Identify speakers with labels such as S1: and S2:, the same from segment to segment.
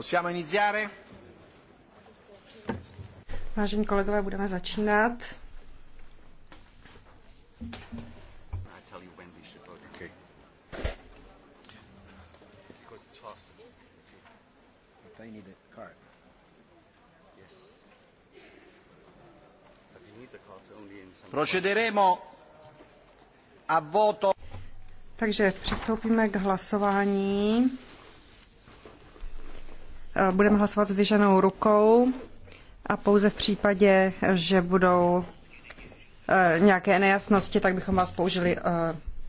S1: Possiamo iniziare? Vážení kolegové, budeme začínat.
S2: a Procederemo
S1: a voto. Takže přistoupíme k hlasování budeme hlasovat s vyženou rukou a pouze v případě, že budou eh, nějaké nejasnosti, tak bychom vás použili,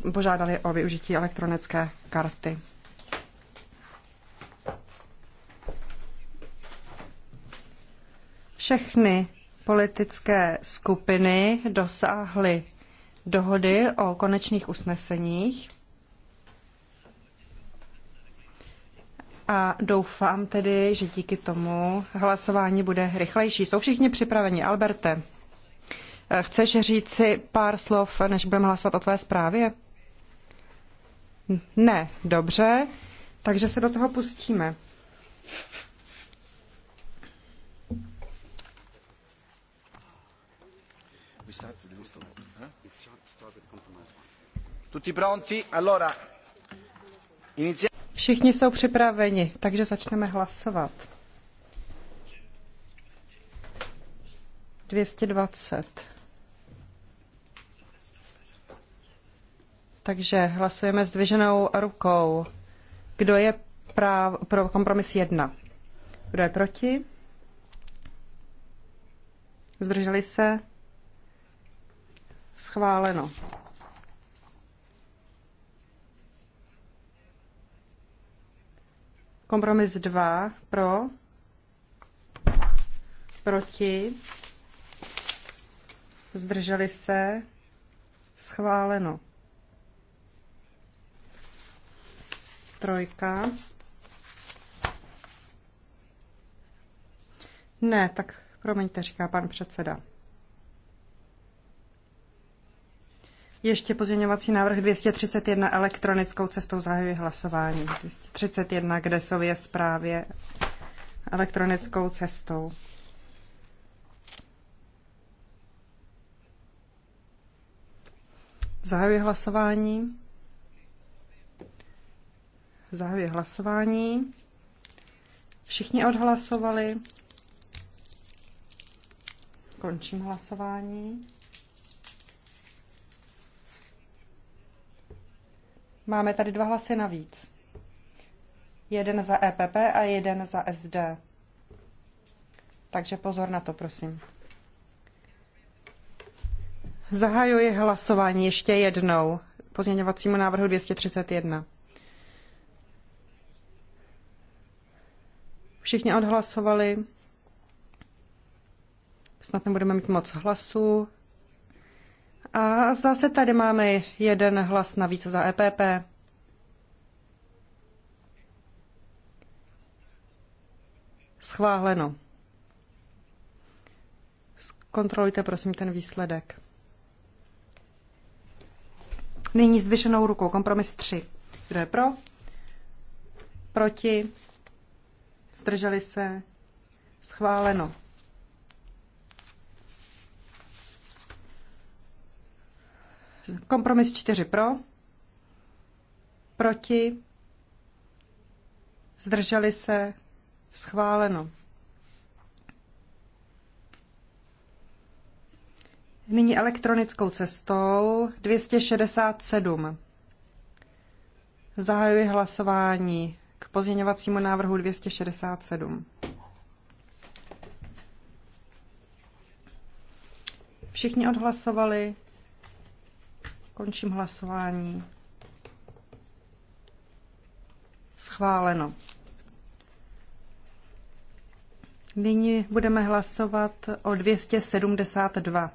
S1: eh, požádali o využití elektronické karty. Všechny politické skupiny dosáhly dohody o konečných usneseních. a doufám tedy, že díky tomu hlasování bude rychlejší. Jsou všichni připraveni. Alberte, eh, chceš si pár slov, než budeme hlasovat o tvé zprávě? Ne, dobře, takže se do toho pustíme.
S3: Tutti pronti? Allora,
S1: iniziamo. Všichni jsou připraveni, takže začneme hlasovat. 220. Takže hlasujeme s dvěženou rukou. Kdo je práv, pro kompromis 1? Kdo je proti? Zdrželi se? Schváleno. Kompromis 2 pro, proti, zdrželi se, schváleno. Trojka. Ne, tak promiňte, říká pan předseda. Ještě pozměňovací návrh 231 elektronickou cestou zahajuje hlasování. 231, kde jsou je zprávě elektronickou cestou. Zahajuji hlasování. Zahajuji hlasování. Všichni odhlasovali. Končím hlasování. Máme tady dva hlasy navíc. Jeden za EPP a jeden za SD. Takže pozor na to, prosím. Zahajuji hlasování ještě jednou pozměňovacímu návrhu 231. Všichni odhlasovali. Snad nebudeme mít moc hlasů. A zase tady máme jeden hlas navíc za EPP. Schváleno. Kontrolujte prosím ten výsledek. Nyní zvyšenou rukou kompromis 3. Kdo je pro? Proti? Zdrželi se? Schváleno. Kompromis 4 pro, proti, zdrželi se, schváleno. Nyní elektronickou cestou 267. Zahajuji hlasování k pozměňovacímu návrhu 267. Všichni odhlasovali. Končím hlasování. Schváleno. Nyní budeme hlasovat o 272.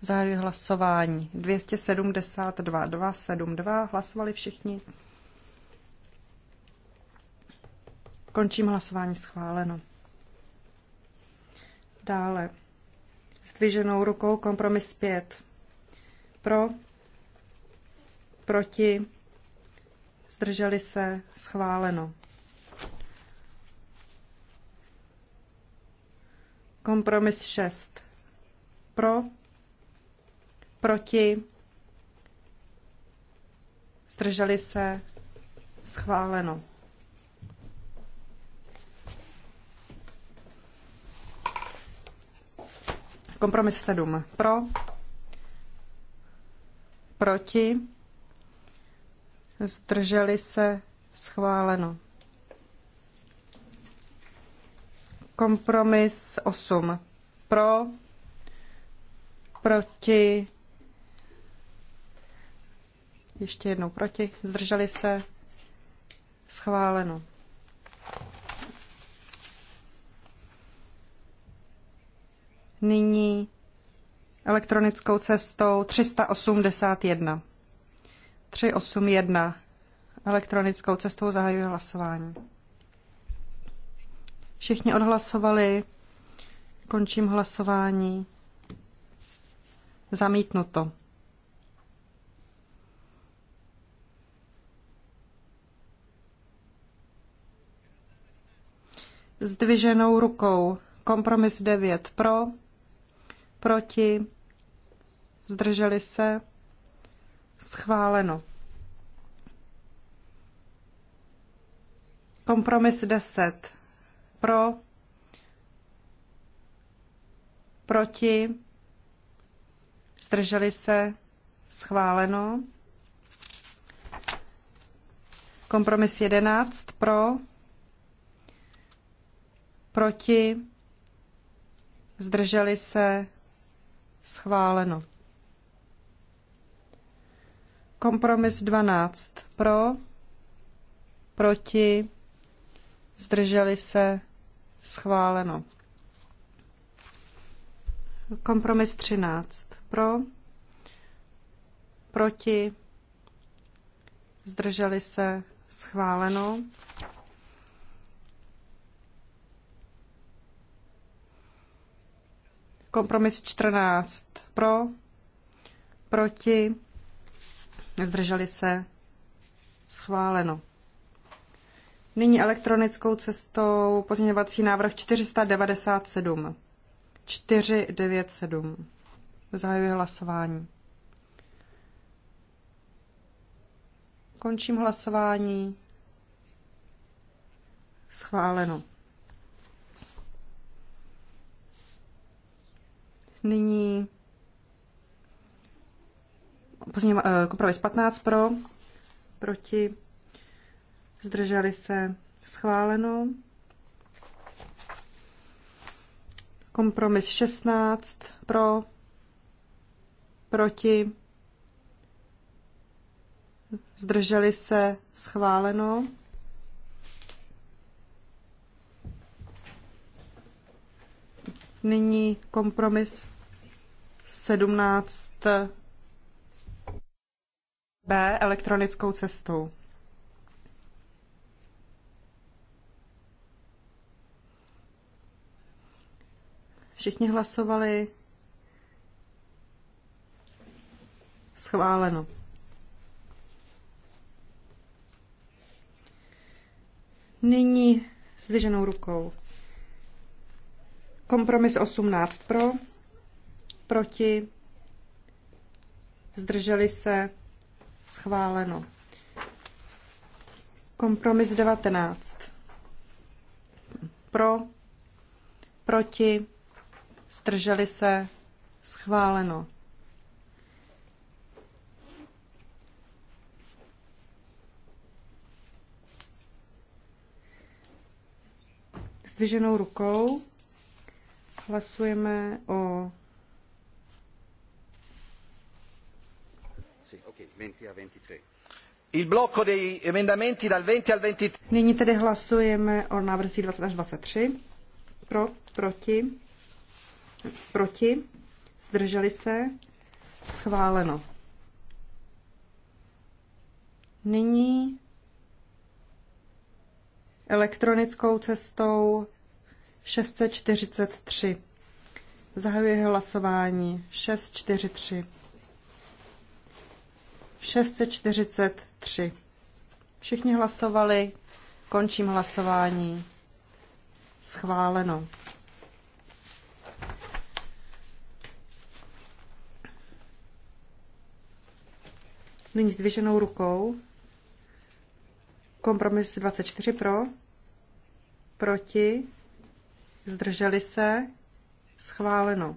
S1: Zahajuji hlasování. 272, 272. Hlasovali všichni. Končím hlasování schváleno. Dále. Zdviženou rukou kompromis 5. Pro, proti, zdrželi se, schváleno. Kompromis 6. Pro, proti, zdrželi se, schváleno. Kompromis 7. Pro, proti, zdrželi se, schváleno. Kompromis 8 pro, proti, ještě jednou proti, zdrželi se, schváleno. Nyní elektronickou cestou 381. 381. Elektronickou cestou zahajuji hlasování. Všichni odhlasovali. Končím hlasování. Zamítnuto. Zdviženou rukou. Kompromis 9 pro, proti, zdrželi se. Schváleno. Kompromis 10. Pro. Proti. Zdrželi se. Schváleno. Kompromis 11. Pro. Proti. Zdrželi se. Schváleno. Kompromis 12 pro, proti, zdrželi se, schváleno. Kompromis 13 pro, proti, zdrželi se, schváleno. Kompromis 14 pro, proti, zdrželi se, schváleno. Nyní elektronickou cestou pozměňovací návrh 497. 497. Zahajuji hlasování. Končím hlasování. Schváleno. Nyní Eh, kompromis 15 pro, proti, zdrželi se schváleno. Kompromis 16 pro, proti, zdrželi se schváleno. Nyní kompromis 17 B elektronickou cestou. Všichni hlasovali. Schváleno. Nyní s vyženou rukou. Kompromis 18 pro, proti, zdrželi se, Schváleno. Kompromis 19. Pro, proti, strželi se, schváleno. Zdviženou rukou hlasujeme o Nyní tedy hlasujeme o návrzích 20 až 23. Pro, proti, proti, zdrželi se, schváleno. Nyní elektronickou cestou 643. Zahajuji hlasování 643. 643. Všichni hlasovali, končím hlasování. Schváleno. Nyní zdviženou rukou. Kompromis 24 pro, proti, zdrželi se, schváleno.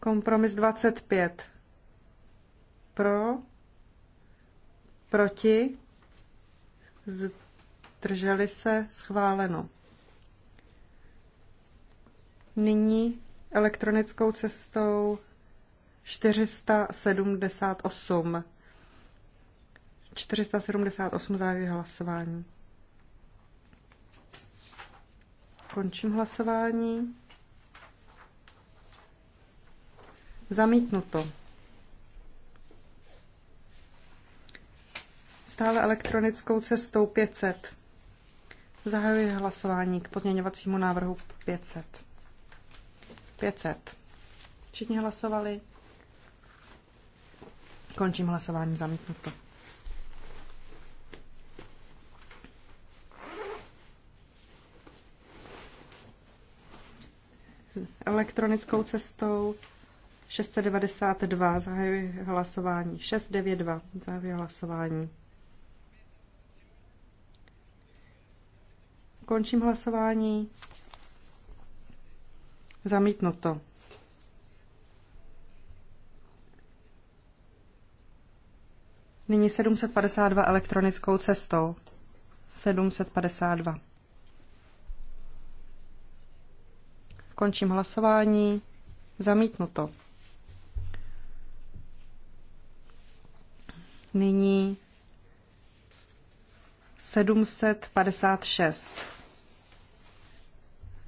S1: Kompromis 25 pro, proti, zdrželi se, schváleno. Nyní elektronickou cestou 478. 478 závěr hlasování. Končím hlasování. Zamítnuto. stále elektronickou cestou 500. Zahajuji hlasování k pozměňovacímu návrhu 500. 500. Všichni hlasovali. Končím hlasování zamítnuto. Elektronickou cestou 692 zahajuji hlasování. 692 zahajuji hlasování. Končím hlasování. Zamítnuto. Nyní 752 elektronickou cestou. 752. Končím hlasování. Zamítnuto. Nyní 756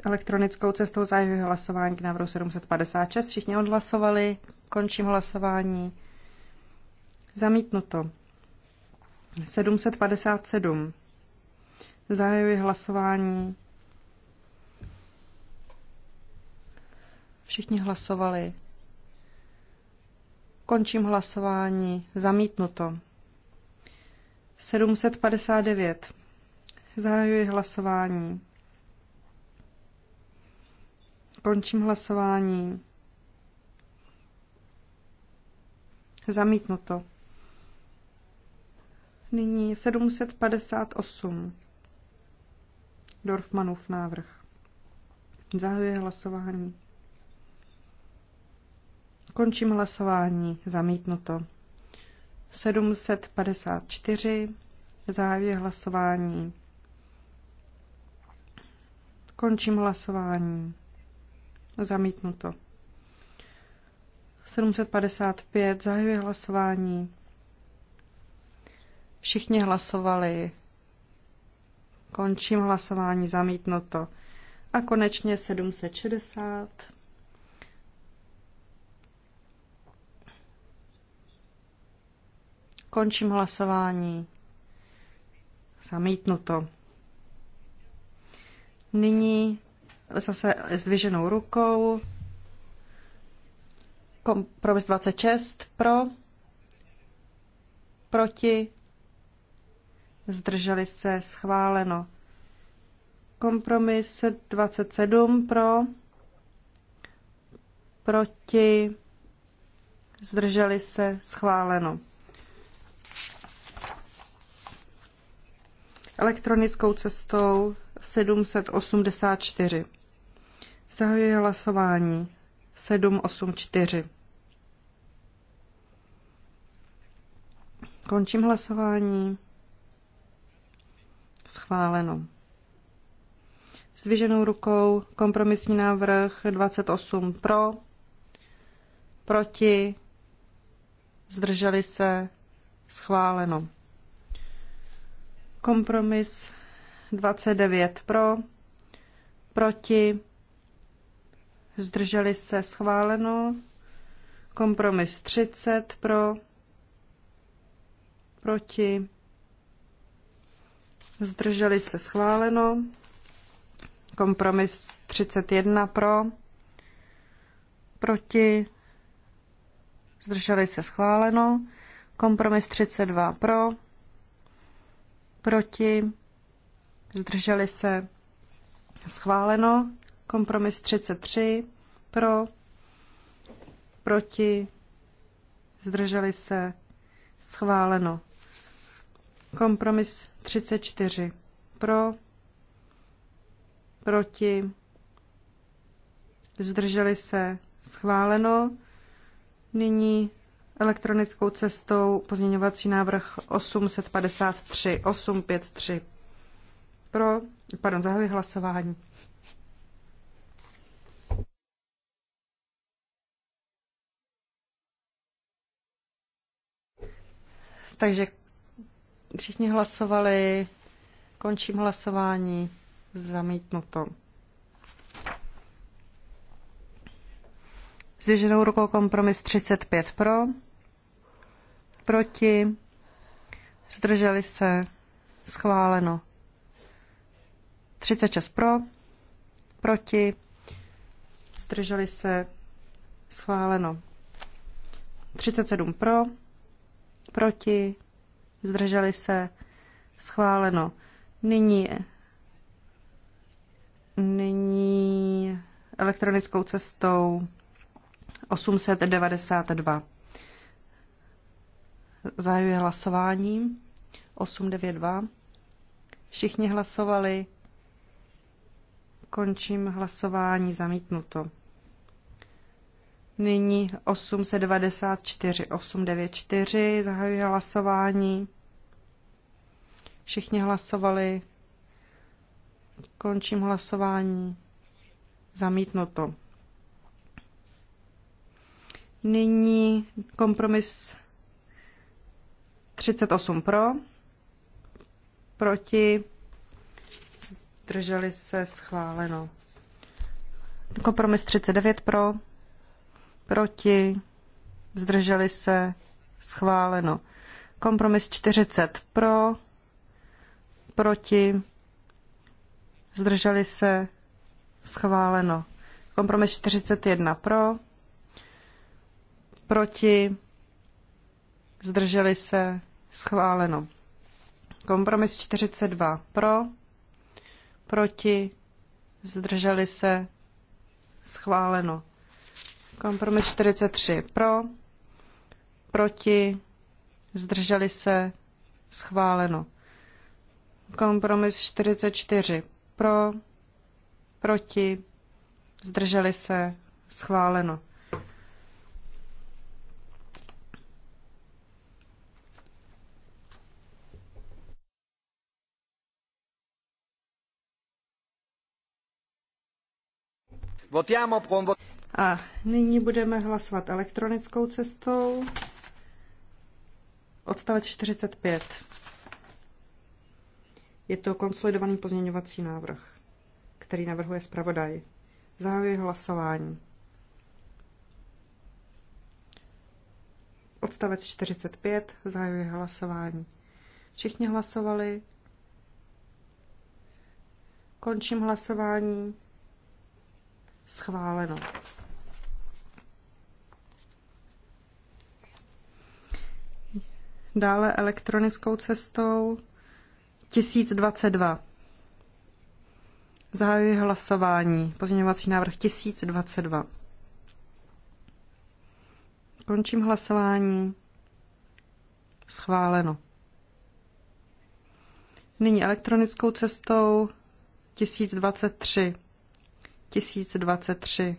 S1: elektronickou cestou zahajuji hlasování k návrhu 756. Všichni odhlasovali. Končím hlasování. Zamítnuto. 757. Zahajuji hlasování. Všichni hlasovali. Končím hlasování. Zamítnuto. 759. Zahajuji hlasování. Končím hlasování. Zamítnuto. Nyní 758. Dorfmanův návrh. Zahajuje hlasování. Končím hlasování. Zamítnuto. 754. Zahajuje hlasování. Končím hlasování. Zamítnuto. 755. Zahajuje hlasování. Všichni hlasovali. Končím hlasování. Zamítnuto. A konečně 760. Končím hlasování. Zamítnuto. Nyní zase s rukou. Kompromis 26 pro, proti, zdrželi se, schváleno. Kompromis 27 pro, proti, zdrželi se, schváleno. Elektronickou cestou 784. Zahajuji hlasování 784. Končím hlasování. Schváleno. Zdviženou rukou kompromisní návrh 28 pro, proti, zdrželi se, schváleno. Kompromis 29 pro, proti, zdrželi se schváleno, kompromis 30 pro, proti, zdrželi se schváleno, kompromis 31 pro, proti, zdrželi se schváleno, kompromis 32 pro, proti, zdrželi se, schváleno. Kompromis 33, pro, proti, zdrželi se, schváleno. Kompromis 34, pro, proti, zdrželi se, schváleno. Nyní elektronickou cestou pozměňovací návrh 853, 853 pro, pardon, zahajuji hlasování. Takže všichni hlasovali, končím hlasování, zamítnuto. Zdrženou rukou kompromis 35 pro, proti, zdrželi se, schváleno. 36 pro, proti, zdrželi se, schváleno. 37 pro, proti, zdrželi se, schváleno. Nyní, nyní elektronickou cestou 892. Zahajuje hlasování 892. Všichni hlasovali. Končím hlasování zamítnuto. Nyní 894, 894, zahajuji hlasování. Všichni hlasovali. Končím hlasování. Zamítnuto. Nyní kompromis 38 pro, proti Drželi se schváleno. Kompromis 39 pro, proti, zdrželi se schváleno. Kompromis 40 pro, proti, zdrželi se schváleno. Kompromis 41 pro, proti, zdrželi se schváleno. Kompromis 42 pro, proti, zdrželi se, schváleno. Kompromis 43 pro, proti, zdrželi se, schváleno. Kompromis 44 pro, proti, zdrželi se, schváleno. A nyní budeme hlasovat elektronickou cestou. Odstavec 45. Je to konsolidovaný pozměňovací návrh, který navrhuje zpravodaj. Zahajuji hlasování. Odstavec 45. Zahajuji hlasování. Všichni hlasovali. Končím hlasování schváleno. Dále elektronickou cestou 1022. Zahajuji hlasování. Pozměňovací návrh 1022. Končím hlasování. Schváleno. Nyní elektronickou cestou 1023. 2023.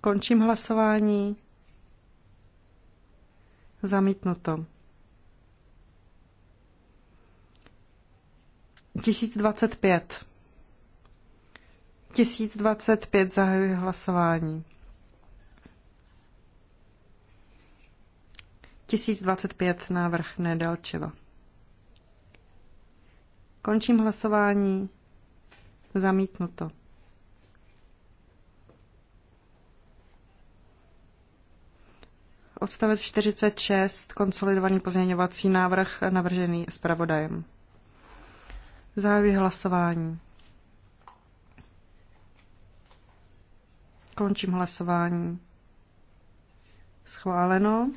S1: Končím hlasování. Zamítnuto. 1025. 1025 zahajuje hlasování. 1025 návrh Nedalčeva. Končím hlasování. Zamítnuto. Odstavec 46, konsolidovaný pozměňovací návrh navržený zpravodajem. Závěr hlasování. Končím hlasování. Schváleno.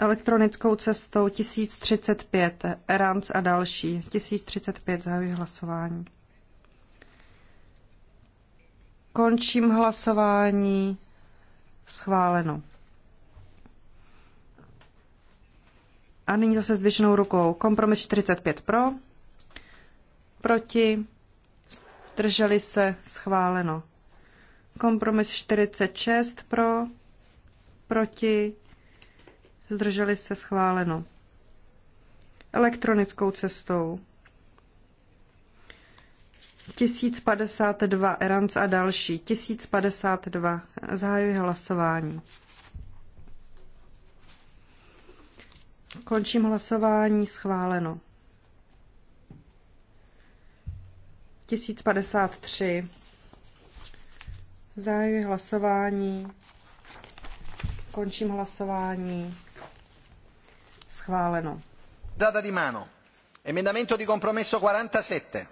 S1: elektronickou cestou 1035, Erans a další. 1035 zahajuji hlasování. Končím hlasování. Schváleno. A nyní zase zdviženou rukou. Kompromis 45 pro, proti, Drželi se, schváleno. Kompromis 46 pro, proti, zdrželi se schváleno. Elektronickou cestou. 1052 Erans a další. 1052. Zahajuji hlasování. Končím hlasování. Schváleno. 1053. Zahajuji hlasování. Končím hlasování schváleno. Data di mano. Emendamento
S2: di compromesso 47.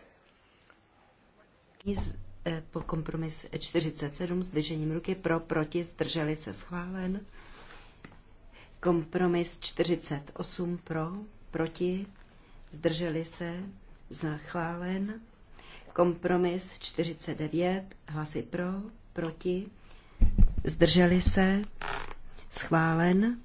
S2: Eh, po kompromis 47 s vyžením ruky pro, proti, zdrželi se schválen. Kompromis 48 pro, proti, zdrželi se zachválen. Kompromis 49, hlasy pro, proti, zdrželi se, schválen.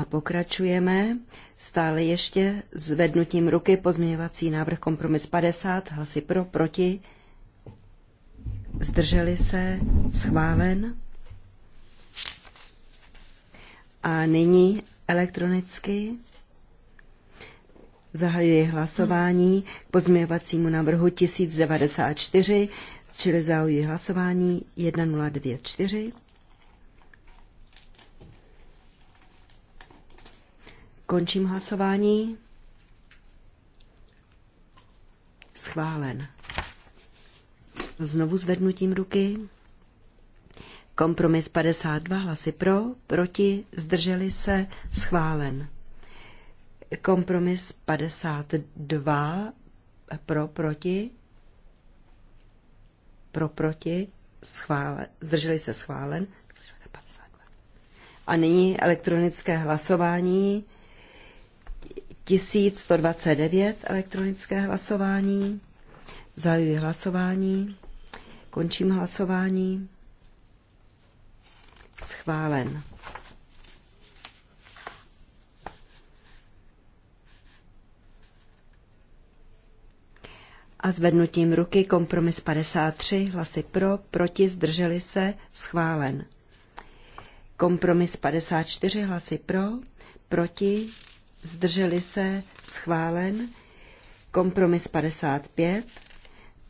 S2: A pokračujeme stále ještě zvednutím ruky pozměňovací návrh kompromis 50, hlasy pro, proti, zdrželi se, schválen. A nyní elektronicky zahajuji hlasování k pozměňovacímu návrhu 1094, čili zahajuji hlasování 1024. Končím hlasování. Schválen. Znovu zvednutím ruky. Kompromis 52 hlasy pro, proti, zdrželi se, schválen. Kompromis 52 pro, proti, pro, proti, schválen, zdrželi se, schválen. A nyní elektronické hlasování 1129 elektronické hlasování. Zajuji hlasování. Končím hlasování. Schválen. A zvednutím ruky kompromis 53, hlasy pro, proti, zdrželi se, schválen. Kompromis 54, hlasy pro, proti, zdrželi se, schválen. Kompromis 55,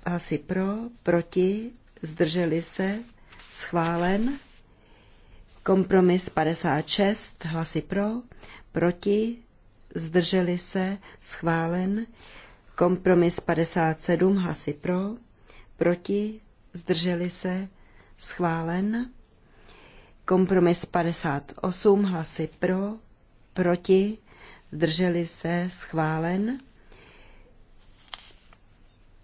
S2: hlasy pro, proti, zdrželi se, schválen. Kompromis 56, hlasy pro, proti, zdrželi se, schválen. Kompromis 57, hlasy pro, proti, zdrželi se, schválen. Kompromis 58, hlasy pro, proti, zdrželi se, schválen.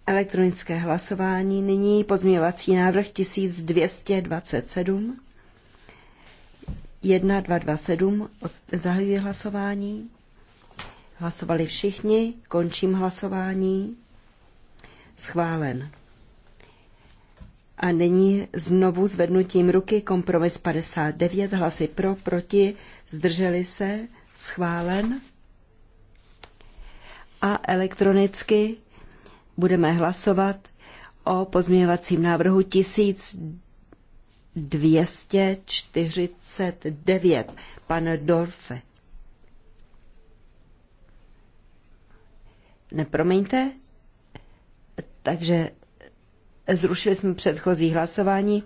S2: Elektronické hlasování, nyní pozměňovací návrh 1227. 1227, zahajuji hlasování. Hlasovali všichni, končím hlasování. Schválen. A nyní znovu zvednutím ruky kompromis 59, hlasy pro, proti, zdrželi se, schválen a elektronicky budeme hlasovat o pozměňovacím návrhu 1249. Pan Dorfe. Nepromiňte, takže zrušili jsme předchozí hlasování.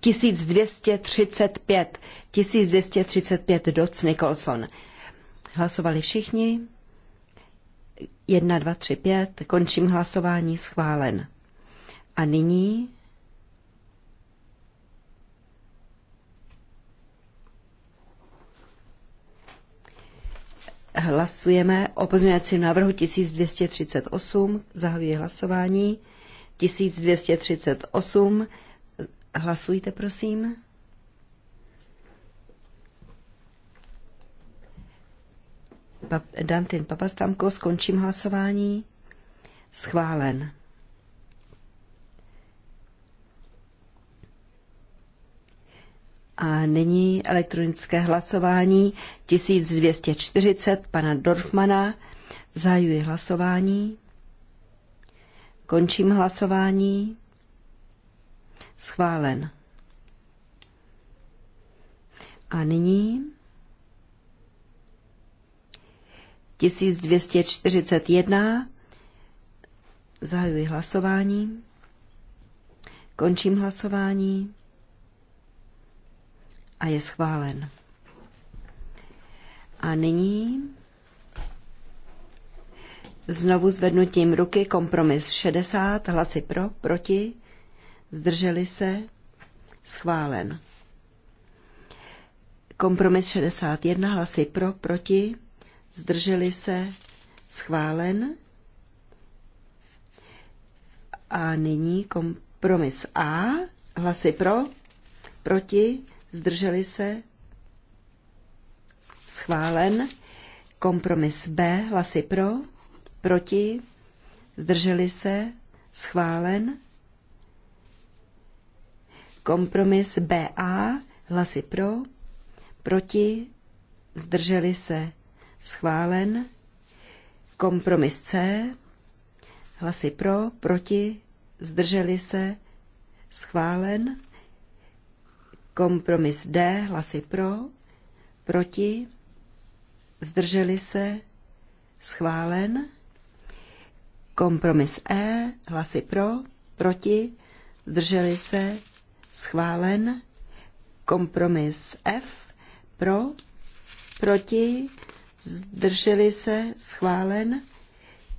S2: 1235, 1235 Doc Nicholson. Hlasovali všichni? 1, 2, 3, 5. Končím hlasování schválen. A nyní hlasujeme o pozměňovacím návrhu 1238. Zahajuji hlasování. 1238. Hlasujte, prosím. Dantin Papastamko, skončím hlasování. Schválen. A nyní elektronické hlasování 1240 pana Dorfmana. Zahajuji hlasování. Končím hlasování. Schválen. A nyní 1241. Zahajuji hlasování. Končím hlasování. A je schválen. A nyní znovu zvednutím ruky kompromis 60, hlasy pro, proti, zdrželi se, schválen. Kompromis 61, hlasy pro, proti, zdrželi se, schválen. A nyní kompromis A, hlasy pro, proti, zdrželi se, schválen. Kompromis B, hlasy pro, proti, zdrželi se, schválen. Kompromis BA, hlasy pro, proti, zdrželi se, schválen. Kompromis C, hlasy pro, proti, zdrželi se, schválen. Kompromis D, hlasy pro, proti, zdrželi se, schválen. Kompromis E, hlasy pro, proti, zdrželi se, schválen. Kompromis F, pro, proti, zdrželi se, schválen.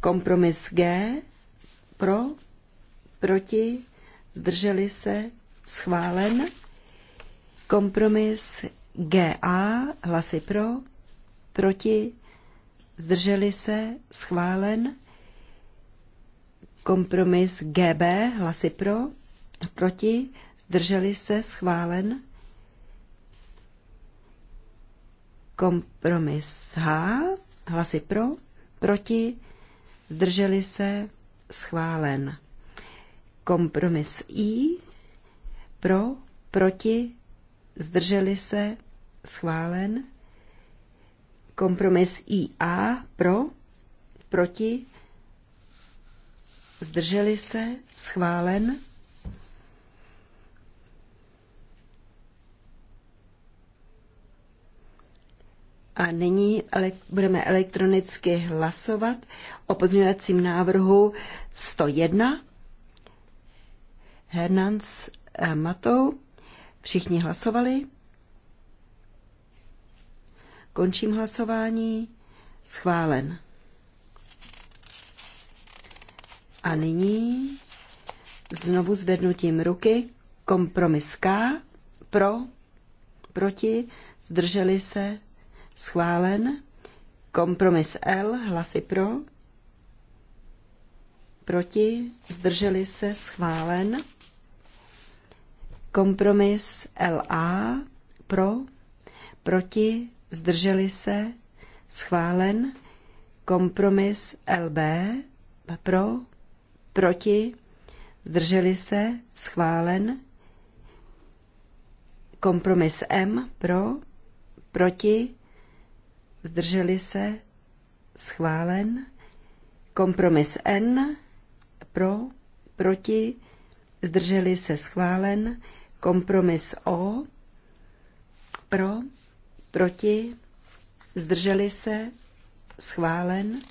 S2: Kompromis G, pro, proti, zdrželi se, schválen. Kompromis GA, hlasy pro, proti, zdrželi se, schválen. Kompromis GB, hlasy pro, proti, zdrželi se, schválen. Kompromis H, hlasy pro, proti, zdrželi se, schválen. Kompromis I, pro, proti, zdrželi se, schválen. Kompromis IA, pro, proti, zdrželi se, schválen. A nyní ale budeme elektronicky hlasovat o pozměňovacím návrhu 101. Hernans eh, Matou. Všichni hlasovali. Končím hlasování. Schválen. A nyní znovu zvednutím ruky kompromis K pro, proti, zdrželi se, Schválen. Kompromis L, hlasy pro. Proti, zdrželi se, schválen. Kompromis LA, pro. Proti, zdrželi se, schválen. Kompromis LB, pro. Proti, zdrželi se, schválen. Kompromis M, pro. Proti, zdrželi se, schválen. Kompromis N, pro, proti, zdrželi se, schválen. Kompromis O, pro, proti, zdrželi se, schválen.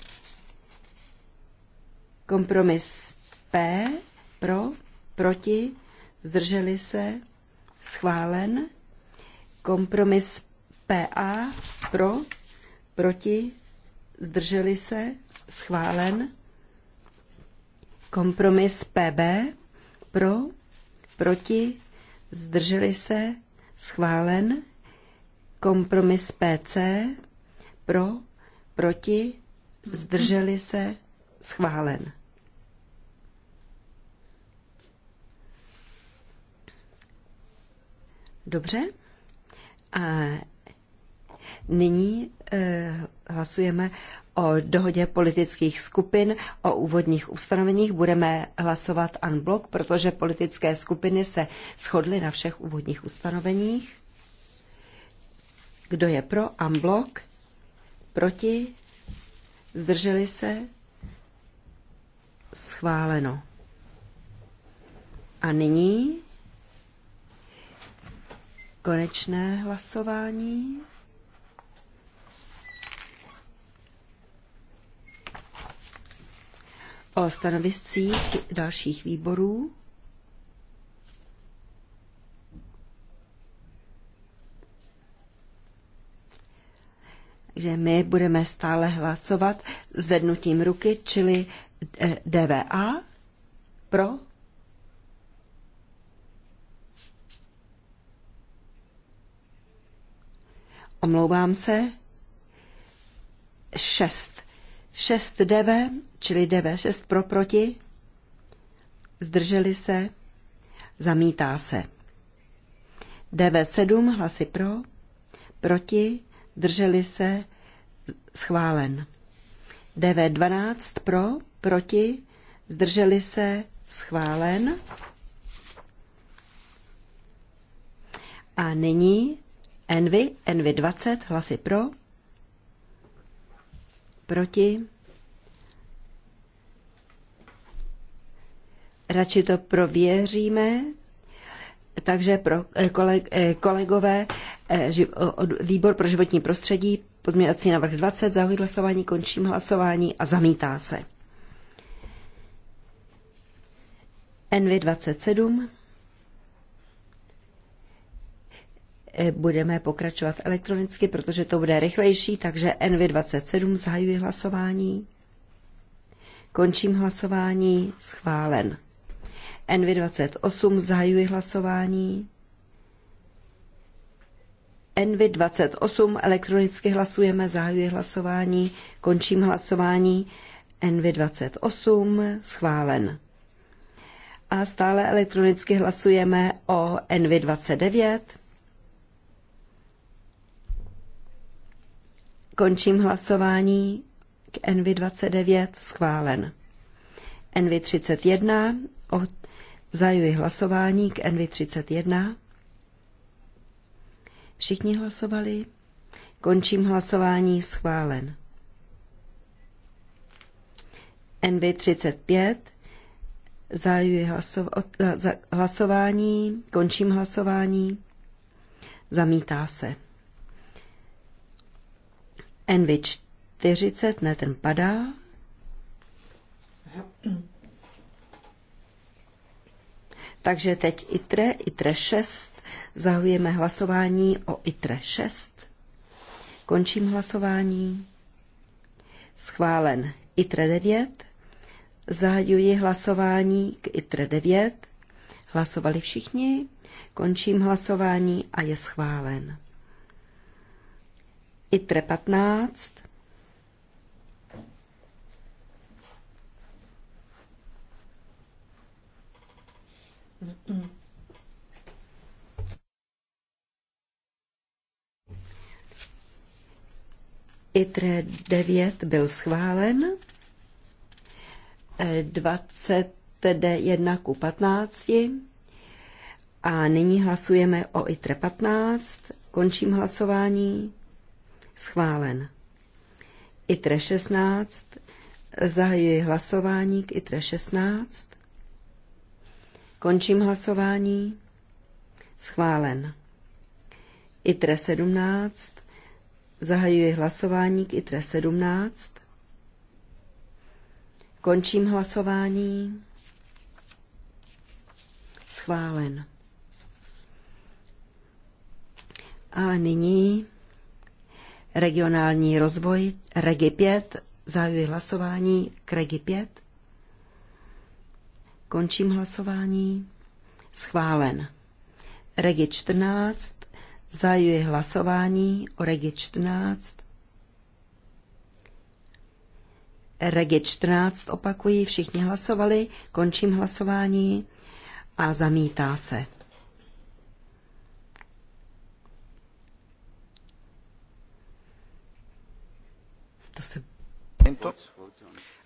S2: Kompromis P, pro, proti, zdrželi se, schválen. Kompromis PA, pro, proti, zdrželi se, schválen. Kompromis PB, pro, proti, zdrželi se, schválen. Kompromis PC, pro, proti, zdrželi se, schválen. Dobře. A Nyní eh, hlasujeme o dohodě politických skupin, o úvodních ustanoveních. Budeme hlasovat unblock, protože politické skupiny se shodly na všech úvodních ustanoveních. Kdo je pro unblock? Proti? Zdrželi se? Schváleno. A nyní konečné hlasování. o stanoviscích dalších výborů. Takže my budeme stále hlasovat zvednutím ruky, čili eh, DVA pro. Omlouvám se. šest šest deve, čili deve šest pro proti, zdrželi se, zamítá se. Deve sedm hlasy pro, proti, drželi se, schválen. Deve dvanáct pro, proti, zdrželi se, schválen. A nyní Envy, Envy 20, hlasy pro, Proti? Radši to prověříme. Takže pro eh, eh, kolegové, eh, výbor pro životní prostředí, pozměňovací návrh 20, zahojí hlasování, končím hlasování a zamítá se. NV27 budeme pokračovat elektronicky, protože to bude rychlejší, takže NV27 zahajuji hlasování. Končím hlasování, schválen. NV28 zahajuji hlasování. NV28 elektronicky hlasujeme, zahajuji hlasování, končím hlasování. NV28 schválen. A stále elektronicky hlasujeme o NV29. Končím hlasování k NV29 schválen. NV31 od... zajuji hlasování k NV31. Všichni hlasovali. Končím hlasování schválen. NV35 zajuji hlasov... hlasování, končím hlasování, zamítá se. NV40, na ten padá. Takže teď ITRE, ITRE 6, zahujeme hlasování o ITRE 6. Končím hlasování. Schválen ITRE 9. Zahajuji hlasování k ITRE 9. Hlasovali všichni. Končím hlasování a je schválen. ITRE 15. ITRE 9 byl schválen. 21 ku 15. A nyní hlasujeme o ITRE 15. Končím hlasování schválen. ITRE 16, zahajuji hlasování k ITRE 16, končím hlasování, schválen. ITRE 17, zahajuji hlasování k ITRE 17, končím hlasování, schválen. A nyní regionální rozvoj Regi 5. Zahajuji hlasování k Regi 5. Končím hlasování. Schválen. Regi 14. Zahajuji hlasování o Regi 14. Regi 14 opakuji, všichni hlasovali, končím hlasování a zamítá se.
S1: To se...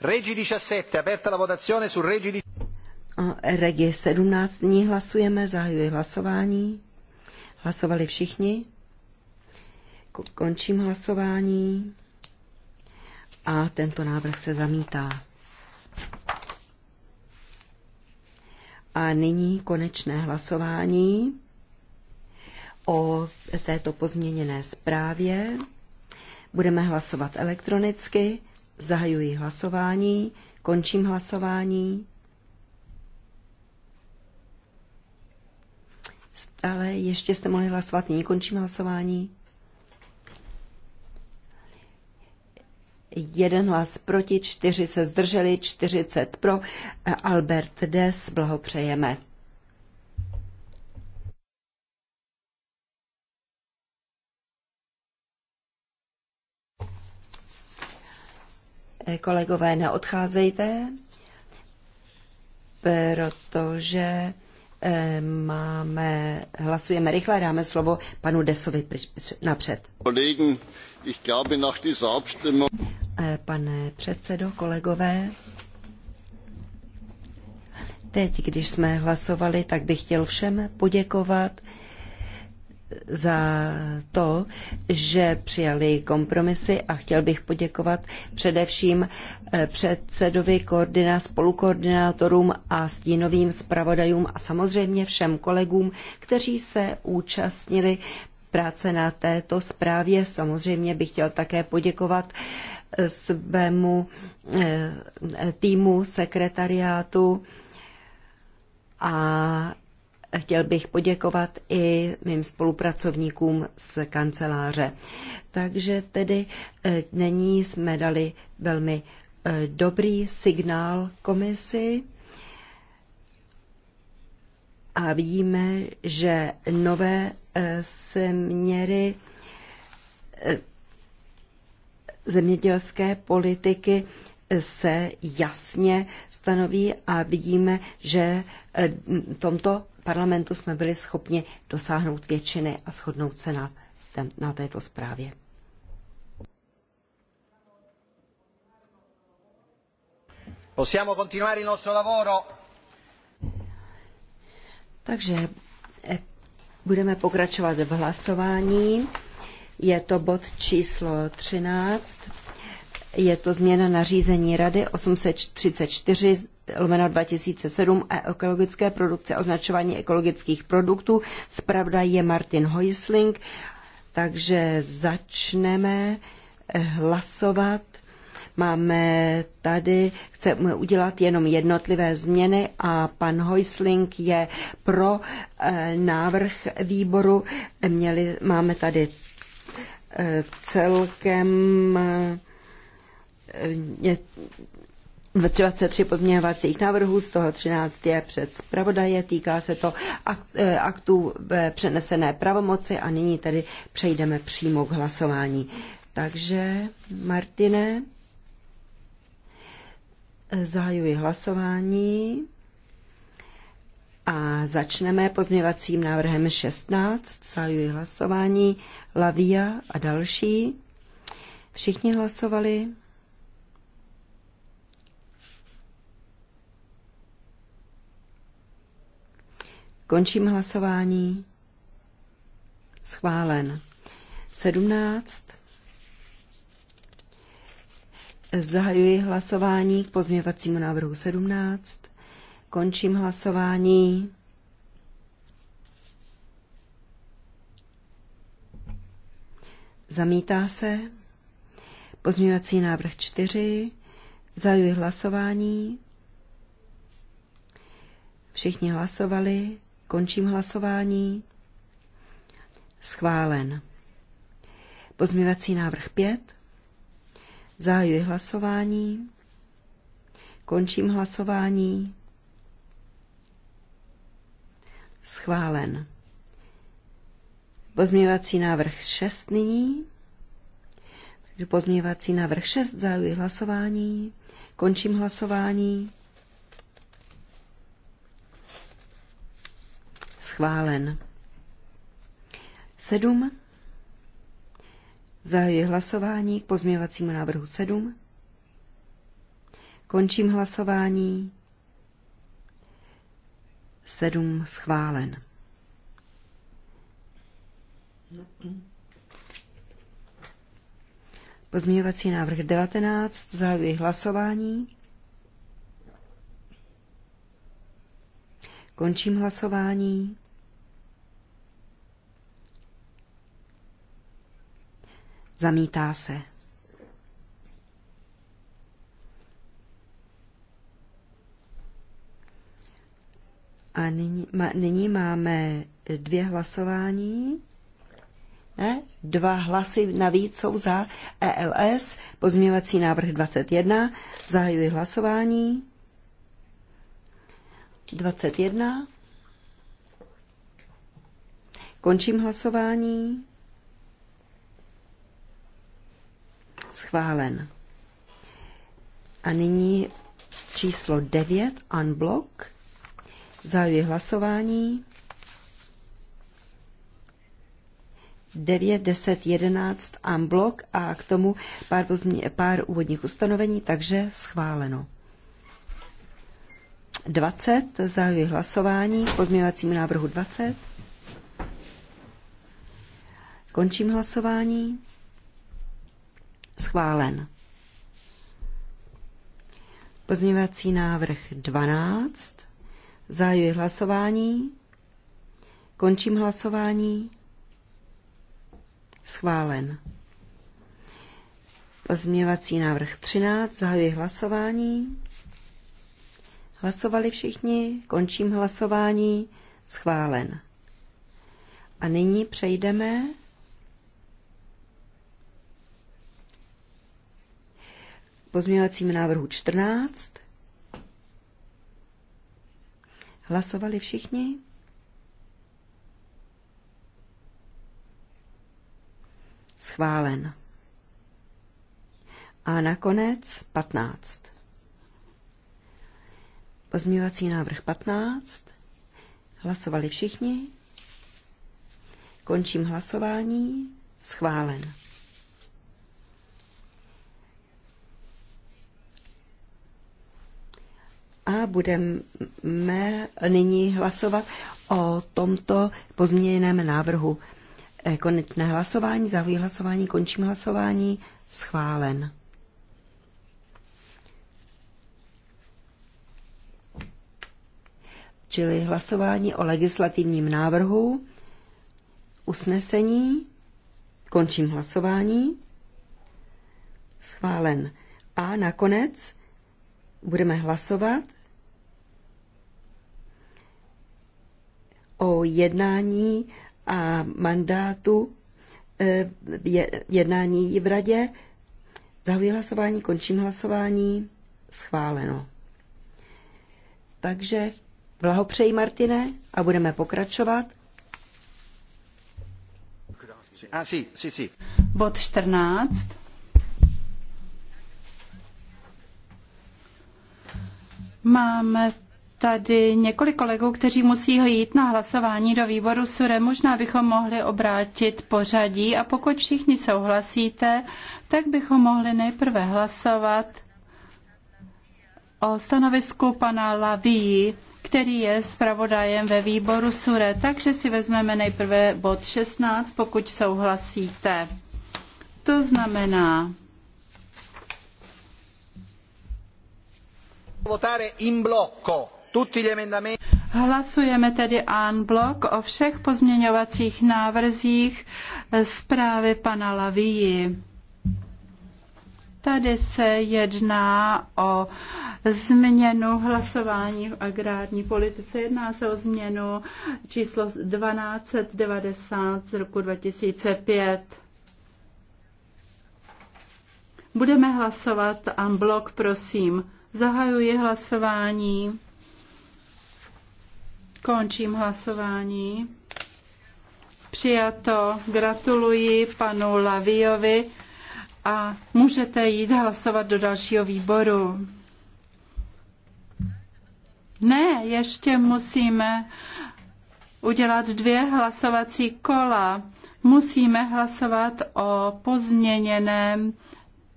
S1: Regi 17, aperta la votazione su Regi...
S2: Regi 17, nyní hlasujeme, zahajuji hlasování. Hlasovali všichni. Končím hlasování. A tento návrh se zamítá. A nyní konečné hlasování o této pozměněné zprávě. Budeme hlasovat elektronicky. Zahajuji hlasování. Končím hlasování. Stále ještě jste mohli hlasovat, nyní končím hlasování. Jeden hlas proti, čtyři se zdrželi, čtyřicet pro. Albert Des, blahopřejeme. Eh, kolegové, neodcházejte, protože eh, máme, hlasujeme rychle, dáme slovo panu Desovi napřed. Kolegen, ich glaube nach dieser Abstimmung... Eh, pane předsedo, kolegové, teď, když jsme hlasovali, tak bych chtěl všem poděkovat za to, že přijali kompromisy a chtěl bych poděkovat především eh, předsedovi koordina, spolukoordinátorům a stínovým zpravodajům a samozřejmě všem kolegům, kteří se účastnili práce na této zprávě. Samozřejmě bych chtěl také poděkovat eh, svému eh, týmu sekretariátu a Chtěl bych poděkovat i mým spolupracovníkům z kanceláře. Takže tedy eh, není jsme dali velmi eh, dobrý signál komisi a vidíme, že nové eh, směry zemědělské politiky se jasně stanoví a vidíme, že tomto parlamentu jsme byli schopni dosáhnout většiny a shodnout se na, ten, na této zprávě.
S3: Possiamo continuare il nostro lavoro.
S2: Takže eh, budeme pokračovat v hlasování. Je to bod číslo 13. Je to změna nařízení Rady 834 lomeno 2007 a ekologické produkce, označování ekologických produktů. Spravda je Martin Hoisling, takže začneme eh, hlasovat. Máme tady, chceme udělat jenom jednotlivé změny a pan Hoisling je pro e, návrh výboru. Měli, máme tady e, celkem e, 23 pozměňovacích návrhů, z toho 13 je před zpravodaje, týká se to eh, aktů přenesené pravomoci a nyní tedy přejdeme přímo k hlasování. Takže, Martine, zahajuji hlasování a začneme pozměvacím návrhem 16, zahajuji hlasování, Lavia a další. Všichni hlasovali. Končím hlasování. Schválen. 17. Zahajuji hlasování k pozměvacímu návrhu 17. Končím hlasování. Zamítá se. Pozměňovací návrh 4. Zahajuji hlasování. Všichni hlasovali. Končím hlasování. Schválen. Pozměvací návrh 5. Zahajuji hlasování. Končím hlasování. Schválen. Pozměvací návrh 6 nyní. Takže pozměvací návrh 6 zahajuji hlasování. Končím hlasování. schválen. 7. Zahajuji hlasování k pozměňovacímu návrhu 7. Končím hlasování. 7 schválen. Pozměňovací návrh 19. Zahajuji hlasování. Končím hlasování. Zamítá se. A nyní, ma, nyní máme dvě hlasování. Ne? Dva hlasy navíc jsou za ELS, pozměvací návrh 21. Zahajuji hlasování. 21. Končím hlasování. schválen. A nyní číslo 9, unblock. Zahajuji hlasování. 9, 10, 11 unblock a k tomu pár, pozmí, pár úvodních ustanovení, takže schváleno. 20, zahajuji hlasování k pozměňovacímu návrhu 20. Končím hlasování schválen. Pozměňovací návrh 12. Zahajuji hlasování. Končím hlasování. Schválen. Pozměňovací návrh 13. Zahajuji hlasování. Hlasovali všichni. Končím hlasování. Schválen. A nyní přejdeme pozměňovacím návrhu 14. Hlasovali všichni? Schválen. A nakonec 15. Pozměňovací návrh 15. Hlasovali všichni? Končím hlasování. Schválen. A budeme nyní hlasovat o tomto pozměněném návrhu. Eh, konečné hlasování, zahují hlasování, končím hlasování, schválen. Čili hlasování o legislativním návrhu, usnesení, končím hlasování, schválen. A nakonec Budeme hlasovat o jednání a mandátu e, jednání v radě. Zahuji hlasování, končím hlasování. Schváleno. Takže blahopřeji, Martine, a budeme pokračovat. Ah, Bod 14.
S3: Máme tady několik kolegů, kteří musí jít na hlasování do výboru SURE. Možná bychom mohli obrátit pořadí a pokud všichni souhlasíte, tak bychom mohli nejprve hlasovat o stanovisku pana Laví, který je zpravodajem ve výboru SURE. Takže si vezmeme nejprve bod 16, pokud souhlasíte. To znamená Hlasujeme tedy en blok o všech pozměňovacích návrzích zprávy pana Lavii. Tady se jedná o změnu hlasování v agrární politice. Jedná se o změnu číslo 1290 z roku 2005. Budeme hlasovat en blok, prosím. Zahajuji hlasování. Končím hlasování. Přijato. Gratuluji panu Laviovi a můžete jít hlasovat do dalšího výboru. Ne, ještě musíme udělat dvě hlasovací kola. Musíme hlasovat o pozměněném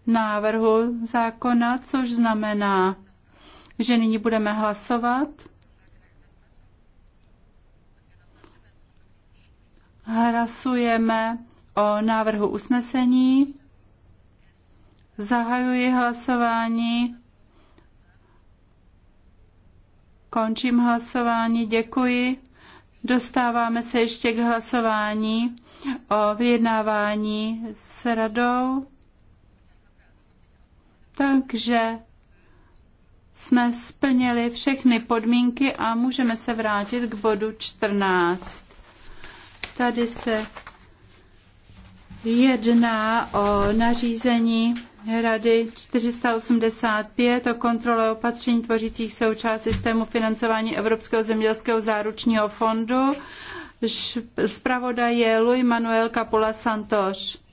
S3: návrhu zákona, což znamená, že nyní budeme hlasovat. Hlasujeme o návrhu usnesení. Zahajuji hlasování. Končím hlasování. Děkuji. Dostáváme se ještě k hlasování o vyjednávání s radou. Takže jsme splnili všechny podmínky a můžeme se vrátit k bodu 14. Tady se jedná o nařízení Rady 485 o kontrole opatření tvořících součást systému financování Evropského zemědělského záručního fondu. Zpravodaj je Luis Manuel Capola Santos.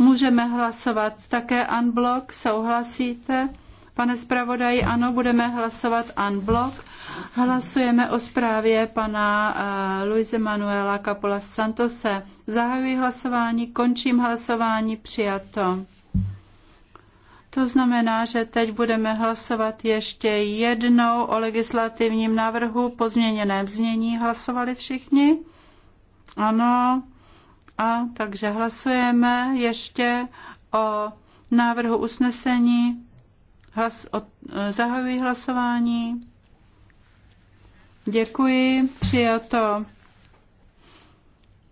S3: Můžeme hlasovat také unblock, souhlasíte? Pane zpravodaji, ano, budeme hlasovat unblock. Hlasujeme o zprávě pana uh, Luise Manuela Capola Santose. Zahajuji hlasování, končím hlasování, přijato. To znamená, že teď budeme hlasovat ještě jednou o legislativním návrhu po znění. Hlasovali všichni? Ano. A takže hlasujeme ještě o návrhu usnesení. Hlas, o, zahajuji hlasování. Děkuji, přijato.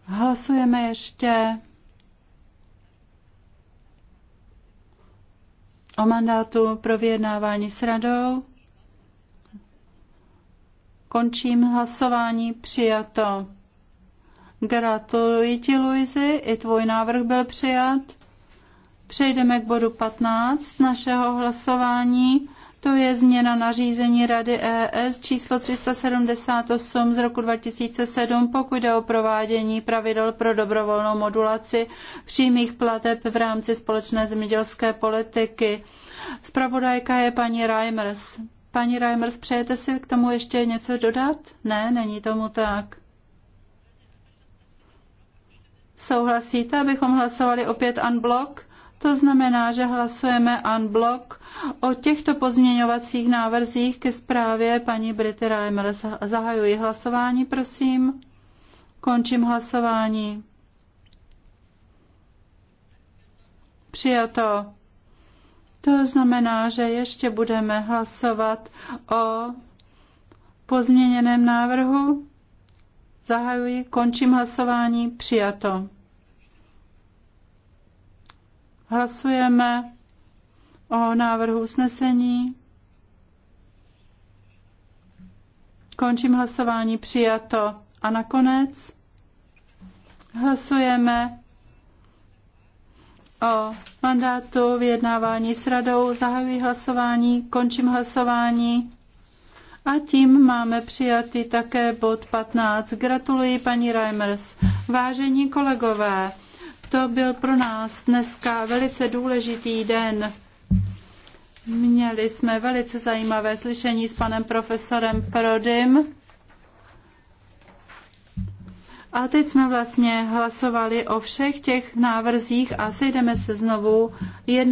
S3: Hlasujeme ještě o mandátu pro vyjednávání s radou. Končím hlasování, přijato. Gratuluji ti, Luizi, i tvůj návrh byl přijat. Přejdeme k bodu 15 našeho hlasování. To je změna nařízení Rady ES číslo 378 z roku 2007, pokud jde o provádění pravidel pro dobrovolnou modulaci přímých plateb v rámci společné zemědělské politiky. Spravodajka je paní Reimers. Paní Reimers, přejete si k tomu ještě něco dodat? Ne, není tomu tak. Souhlasíte, abychom hlasovali opět unblock? To znamená, že hlasujeme unblock o těchto pozměňovacích návrzích ke zprávě paní Brity Reimer. Zahajuji hlasování, prosím. Končím hlasování. Přijato. To znamená, že ještě budeme hlasovat o pozměněném návrhu. Zahajuji, končím hlasování, přijato. Hlasujeme o návrhu usnesení. Končím hlasování, přijato. A nakonec hlasujeme o mandátu vyjednávání s radou. Zahajuji hlasování, končím hlasování. A tím máme přijatý také bod 15. Gratuluji paní Reimers. Vážení kolegové, to byl pro nás dneska velice důležitý den. Měli jsme velice zajímavé slyšení s panem profesorem Prodym. A teď jsme vlastně hlasovali o všech těch návrzích a sejdeme se znovu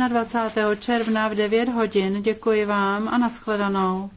S3: 21. června v 9 hodin. Děkuji vám a nashledanou.